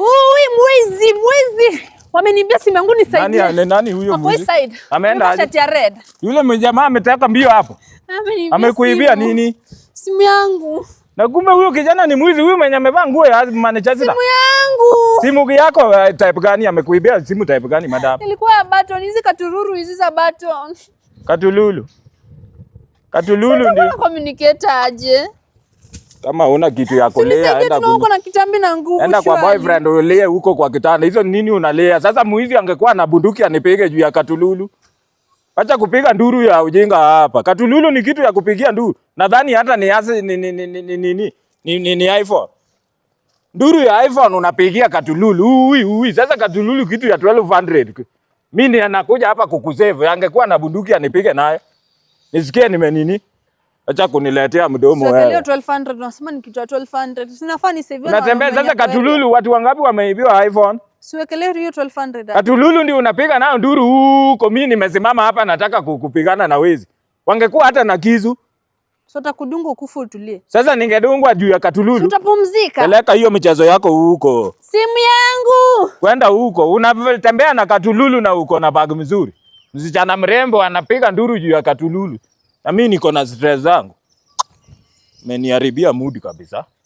Ui, mwizi mwizi, Wameniambia simu yangu nisaidie. Nani nani huyo mwizi? Ameenda aje? shati ya red. Yule jamaa ametaka mbio hapo. Amekuibia nini? Simu yangu. Na kumbe huyo kijana ni mwizi huyo mwenye amevaa nguo ya manager zile. Simu yangu. Simu yako eh, type gani amekuibia simu type gani madam? Ilikuwa ya button, hizi katururu hizi za button. Katululu. Katululu ndio. Communicator aje? Kama una kitu ya kulea enda kwa, na na kitambi nguvu, enda kwa boyfriend ulie huko kwa kitanda. Hizo nini unalea? Sasa muizi angekuwa na bunduki anipige juu ya katululu. Acha kupiga nduru ya ujinga hapa. Katululu ni kitu ya kupigia nduru. Nadhani hata ni asi ni ni ni ni ni ni, ni, ni, ni, ni iPhone. Nduru ya iPhone unapigia katululu. Ui ui. Sasa katululu kitu ya 1200. Mimi ninakuja hapa kukusave. Angekuwa na bunduki anipige nayo. Nisikie nime nini? acha kuniletea mdomo wewe. Sasa leo 1200 1200. ni Unatembea sasa katululu, watu wangapi wameibiwa iPhone? Siwekelee hiyo 1200. Katululu ndio unapiga nayo nduru huko, mimi nimesimama hapa nataka kukupigana na wezi. Wangekuwa hata na kizu. Sota takudungwa kufu utulie. Sasa ningedungwa juu ya katululu. Utapumzika. Peleka hiyo michezo yako huko. Simu yangu. Kwenda huko. Unatembea na katululu na uko na bag mzuri. Msichana mrembo anapiga nduru juu ya katululu na mimi niko na stress zangu, meniharibia mood kabisa.